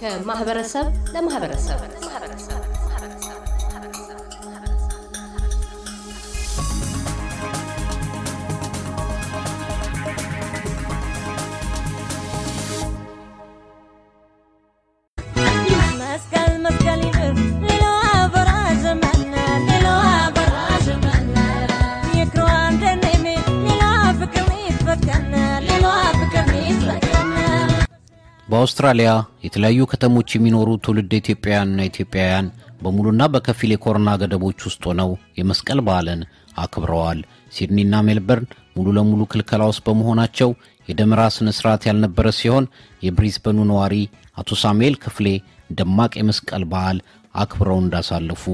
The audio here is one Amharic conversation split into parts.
ከማህበረሰብ ለማህበረሰብ በአውስትራሊያ የተለያዩ ከተሞች የሚኖሩ ትውልድ ኢትዮጵያውያንና ኢትዮጵያውያን በሙሉና በከፊል የኮሮና ገደቦች ውስጥ ሆነው የመስቀል በዓልን አክብረዋል። ሲድኒና ሜልበርን ሙሉ ለሙሉ ክልከላ ውስጥ በመሆናቸው የደመራ ስነ ስርዓት ያልነበረ ሲሆን የብሪዝበኑ ነዋሪ አቶ ሳሙኤል ክፍሌ ደማቅ የመስቀል በዓል አክብረው እንዳሳለፉ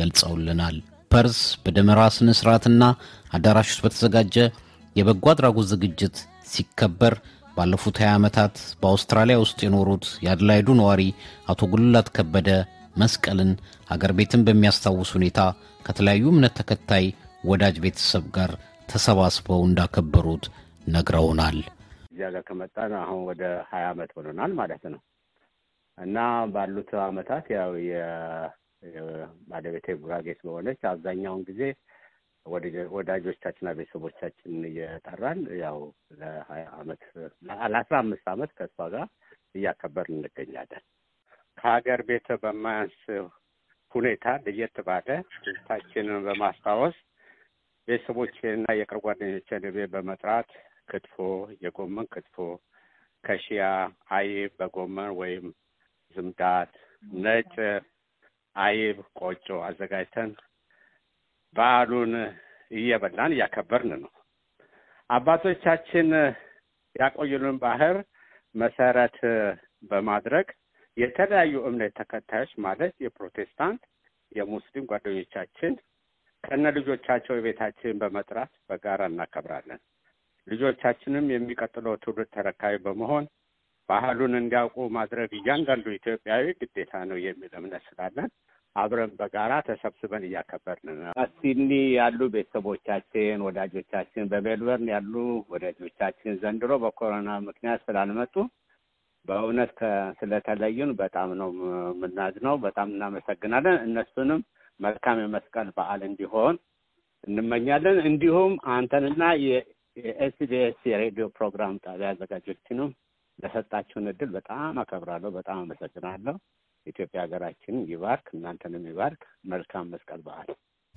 ገልጸውልናል። ፐርስ በደመራ ስነ ስርዓትና አዳራሽ ውስጥ በተዘጋጀ የበጎ አድራጎት ዝግጅት ሲከበር ባለፉት 20 ዓመታት በአውስትራሊያ ውስጥ የኖሩት የአድላይዱ ነዋሪ አቶ ጉልላት ከበደ መስቀልን አገር ቤትን በሚያስታውስ ሁኔታ ከተለያዩ እምነት ተከታይ ወዳጅ ቤተሰብ ጋር ተሰባስበው እንዳከበሩት ነግረውናል። እዚያ ጋር ከመጣን አሁን ወደ ሀያ ዓመት ሆኖናል ማለት ነው እና ባሉት ዓመታት ያው የባለቤቴ ጉራጌ ስለሆነች አብዛኛውን ጊዜ ወዳጆቻችንና ቤተሰቦቻችን እየጠራን ያው ለሀያ አመት ለአስራ አምስት አመት ከእሷ ጋር እያከበርን እንገኛለን። ከሀገር ቤት በማያንስ ሁኔታ ለየት ባለ ታችንን በማስታወስ ቤተሰቦችንና የቅርብ ጓደኞችን ቤ በመጥራት ክትፎ፣ የጎመን ክትፎ ከሺያ አይብ በጎመን ወይም ዝምዳት ነጭ አይብ ቆጮ አዘጋጅተን በዓሉን እየበላን እያከበርን ነው። አባቶቻችን ያቆዩልን ባህር መሰረት በማድረግ የተለያዩ እምነት ተከታዮች ማለት የፕሮቴስታንት፣ የሙስሊም ጓደኞቻችን ከነ ልጆቻቸው የቤታችን በመጥራት በጋራ እናከብራለን። ልጆቻችንም የሚቀጥለው ትውልድ ተረካቢ በመሆን ባህሉን እንዲያውቁ ማድረግ እያንዳንዱ ኢትዮጵያዊ ግዴታ ነው የሚል እምነት ስላለን አብረን በጋራ ተሰብስበን እያከበርን ነው። ሲድኒ ያሉ ቤተሰቦቻችን፣ ወዳጆቻችን በሜልበርን ያሉ ወዳጆቻችን ዘንድሮ በኮሮና ምክንያት ስላልመጡ በእውነት ስለተለዩን በጣም ነው የምናዝነው። በጣም እናመሰግናለን። እነሱንም መልካም የመስቀል በዓል እንዲሆን እንመኛለን። እንዲሁም አንተንና የኤስቢኤስ የሬዲዮ ፕሮግራም ጣቢያ አዘጋጆችንም ለሰጣችሁን እድል በጣም አከብራለሁ። በጣም አመሰግናለሁ። ኢትዮጵያ ሀገራችን ይባርክ፣ እናንተንም ይባርክ። መልካም መስቀል በዓል።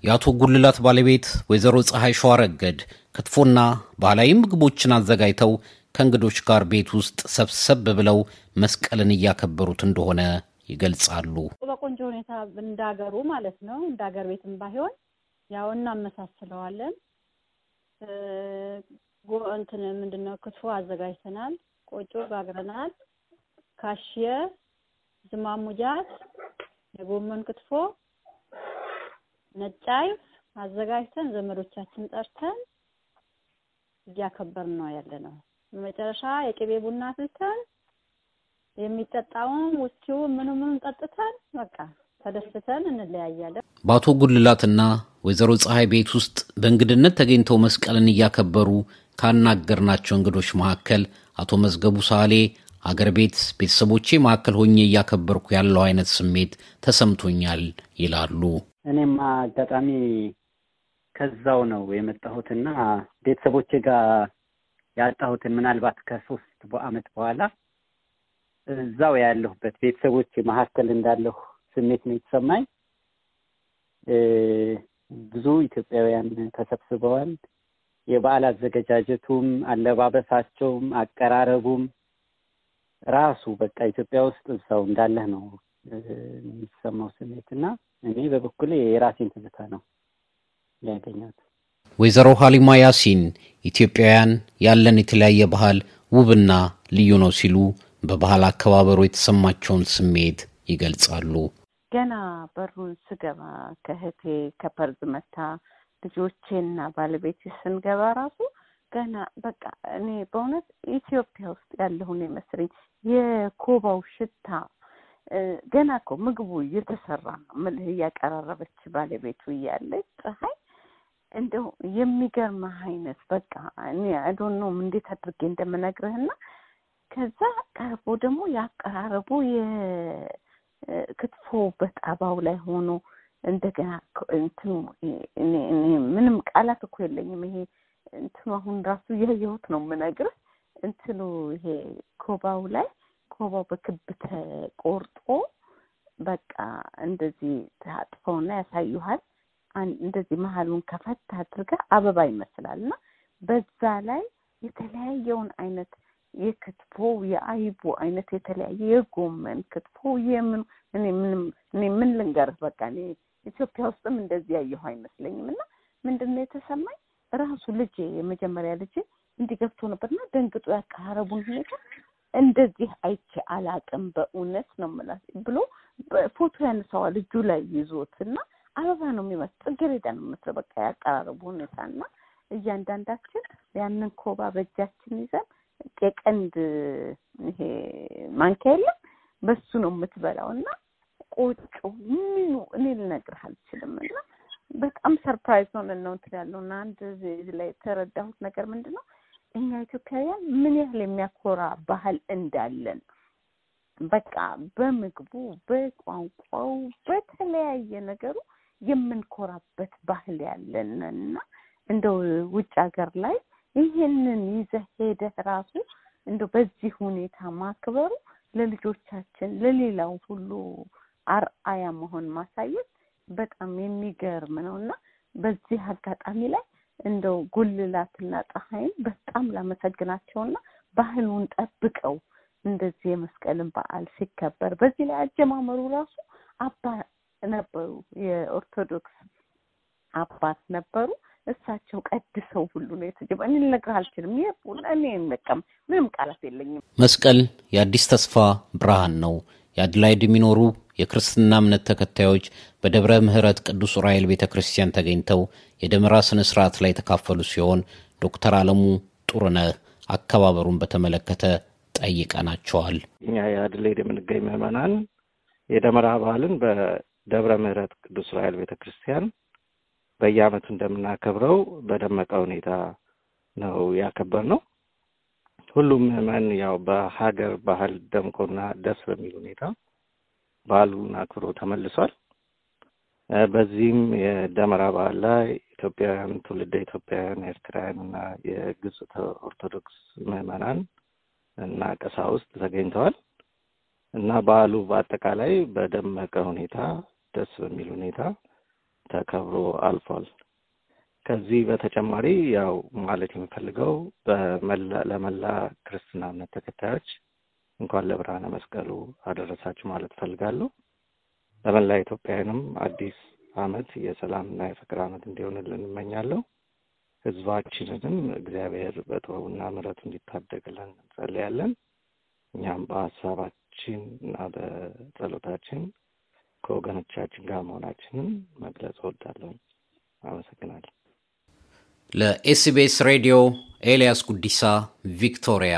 የአቶ ጉልላት ባለቤት ወይዘሮ ፀሐይ ሸዋረገድ ክትፎና ባህላዊ ምግቦችን አዘጋጅተው ከእንግዶች ጋር ቤት ውስጥ ሰብሰብ ብለው መስቀልን እያከበሩት እንደሆነ ይገልጻሉ። በቆንጆ ሁኔታ እንዳገሩ ማለት ነው ሀገር ቤትም ባይሆን ያው እናመሳስለዋለን። እንትን ምንድነው ክትፎ አዘጋጅተናል። ቆጮ ጋግረናል። ካሽየ ዝማሙጃት፣ የጎመን ክትፎ፣ ነጭ አይብ አዘጋጅተን ዘመዶቻችን ጠርተን እያከበርን ነው ነው። መጨረሻ የቅቤ ቡና ፍልተን የሚጠጣውን ውስኪው ምኑ ምኑ ጠጥተን በቃ ተደስተን እንለያያለን። በአቶ ጉልላትና ወይዘሮ ፀሐይ ቤት ውስጥ በእንግድነት ተገኝተው መስቀልን እያከበሩ ካናገርናቸው እንግዶች መካከል አቶ መዝገቡ ሳሌ አገር ቤት ቤተሰቦቼ መካከል ሆኜ እያከበርኩ ያለው አይነት ስሜት ተሰምቶኛል ይላሉ። እኔም አጋጣሚ ከዛው ነው የመጣሁትና ቤተሰቦቼ ጋር ያጣሁትን ምናልባት ከሶስት አመት በኋላ እዛው ያለሁበት ቤተሰቦቼ መካከል እንዳለሁ ስሜት ነው የተሰማኝ። ብዙ ኢትዮጵያውያን ተሰብስበዋል። የበዓል አዘገጃጀቱም፣ አለባበሳቸውም፣ አቀራረቡም ራሱ በቃ ኢትዮጵያ ውስጥ ሰው እንዳለህ ነው የሚሰማው ስሜት እና እኔ በበኩሌ የራሴን ትዝታ ነው ያገኘት። ወይዘሮ ሀሊማ ያሲን ኢትዮጵያውያን ያለን የተለያየ ባህል ውብና ልዩ ነው ሲሉ በባህል አከባበሩ የተሰማቸውን ስሜት ይገልጻሉ። ገና በሩን ስገባ ከህቴ ከፐርዝ መታ ልጆቼና ባለቤቴ ስንገባ ራሱ ገና በቃ እኔ በእውነት ኢትዮጵያ ውስጥ ያለሁን ይመስለኝ የኮባው ሽታ ገና እኮ ምግቡ እየተሰራ ነው ምልህ እያቀራረበች ባለቤቱ እያለች ፀሐይ እንደው የሚገርምህ አይነት በቃ እኔ አዶኖም እንዴት አድርጌ እንደምነግርህና ከዛ ቀርቦ ደግሞ ያቀራረቡ የክትፎ በጣባው ላይ ሆኖ እንደገና እንትኑ ምንም ቃላት እኮ የለኝም ይሄ እንትኑ አሁን ራሱ እያየሁት ነው የምነግርህ። እንትኑ ይሄ ኮባው ላይ ኮባው በክብ ተቆርጦ በቃ እንደዚህ ታጥፈውና ያሳዩሃል። እንደዚህ መሀሉን ከፈት አድርገህ አበባ ይመስላል እና በዛ ላይ የተለያየውን አይነት የክትፎ የአይቦ አይነት የተለያየ የጎመን ክትፎ የምን እኔ ምንም እኔ ምን ልንገርህ በቃ እኔ ኢትዮጵያ ውስጥም እንደዚህ ያየሁ አይመስለኝም። እና ምንድን ነው የተሰማኝ ራሱ ልጅ የመጀመሪያ ልጅ እንዲህ ገብቶ ነበርና ደንግጦ ያቀራረቡን ሁኔታ እንደዚህ አይቼ አላቅም በእውነት ነው ምላት ብሎ ፎቶ ያነሳዋል እጁ ላይ ይዞት እና አበባ ነው የሚመስል ጽጌረዳ ነው የሚመስለው በቃ ያቀራረቡ ሁኔታ እና እያንዳንዳችን ያንን ኮባ በእጃችን ይዘን የቀንድ ይሄ ማንኪያ የለም በሱ ነው የምትበላው እና ቆጮ ምኑ እኔ ልነግርህ አልችልም እና በጣም ሰርፕራይዝ ሆነ ነው እንትን ያለው እና አንድ ላይ የተረዳሁት ነገር ምንድን ነው እኛ ኢትዮጵያውያን ምን ያህል የሚያኮራ ባህል እንዳለን በቃ በምግቡ፣ በቋንቋው፣ በተለያየ ነገሩ የምንኮራበት ባህል ያለን እና እንደው ውጭ ሀገር ላይ ይህንን ይዘህ ሄደህ ራሱ እንደው በዚህ ሁኔታ ማክበሩ ለልጆቻችን ለሌላው ሁሉ አርአያ መሆን ማሳየት በጣም የሚገርም ነው እና በዚህ አጋጣሚ ላይ እንደው ጉልላትና ፀሐይን በጣም ላመሰግናቸውና ባህሉን ጠብቀው እንደዚህ የመስቀልን በዓል ሲከበር በዚህ ላይ አጀማመሩ ራሱ አባ ነበሩ፣ የኦርቶዶክስ አባት ነበሩ። እሳቸው ቀድሰው ሁሉ ነው የተጀመ እኔ ልነግርህ አልችልም። እኔ በቃም ምንም ቃላት የለኝም። መስቀል የአዲስ ተስፋ ብርሃን ነው። የአድላይድ የሚኖሩ የክርስትና እምነት ተከታዮች በደብረ ምሕረት ቅዱስ ዑራኤል ቤተ ክርስቲያን ተገኝተው የደመራ ስነ ስርዓት ላይ የተካፈሉ ሲሆን ዶክተር አለሙ ጡርነህ አከባበሩን በተመለከተ ጠይቀናቸዋል። እኛ የአድሌድ የምንገኝ ምዕመናን የደመራ በዓልን በደብረ ምሕረት ቅዱስ ዑራኤል ቤተ ክርስቲያን በየዓመቱ እንደምናከብረው በደመቀ ሁኔታ ነው ያከበር ነው። ሁሉም ምዕመን ያው በሀገር ባህል ደምቆና ደስ በሚል ሁኔታ በዓሉን አክብሮ ተመልሷል። በዚህም የደመራ በዓል ላይ ኢትዮጵያውያን፣ ትውልደ ኢትዮጵያውያን፣ ኤርትራውያን እና የግጽ ኦርቶዶክስ ምዕመናን እና ቀሳውስት ተገኝተዋል እና በዓሉ በአጠቃላይ በደመቀ ሁኔታ ደስ በሚል ሁኔታ ተከብሮ አልፏል። ከዚህ በተጨማሪ ያው ማለት የምፈልገው ለመላ ክርስትና እምነት ተከታዮች እንኳን ለብርሃነ መስቀሉ አደረሳችሁ ማለት ፈልጋለሁ። ለመላ ኢትዮጵያውያንም አዲስ አመት የሰላም ና የፍቅር አመት እንዲሆንልን እንመኛለሁ። ህዝባችንንም እግዚአብሔር በጥበቡና ምሕረቱ እንዲታደግልን እንጸልያለን። እኛም በሀሳባችን እና በጸሎታችን ከወገኖቻችን ጋር መሆናችንን መግለጽ እወዳለሁ። አመሰግናለሁ። ለኤስቢኤስ ሬዲዮ ኤልያስ ጉዲሳ ቪክቶሪያ